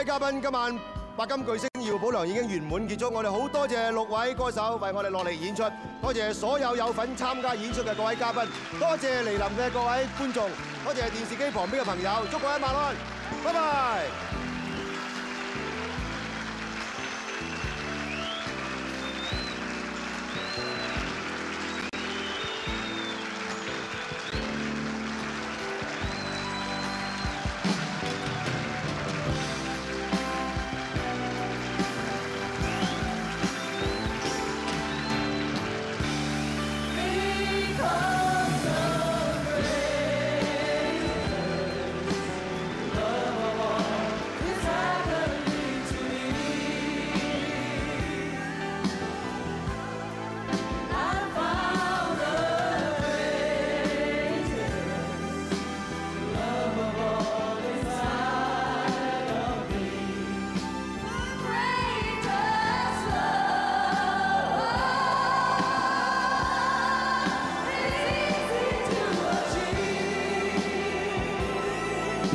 各位嘉賓，今晚白金巨星耀保良已經圓滿結束。我哋好多謝六位歌手為我哋落嚟演出，多謝所有有份參加演出嘅各位嘉賓，多謝嚟臨嘅各位觀眾，多謝電視機旁邊嘅朋友，祝各位晚安，拜拜。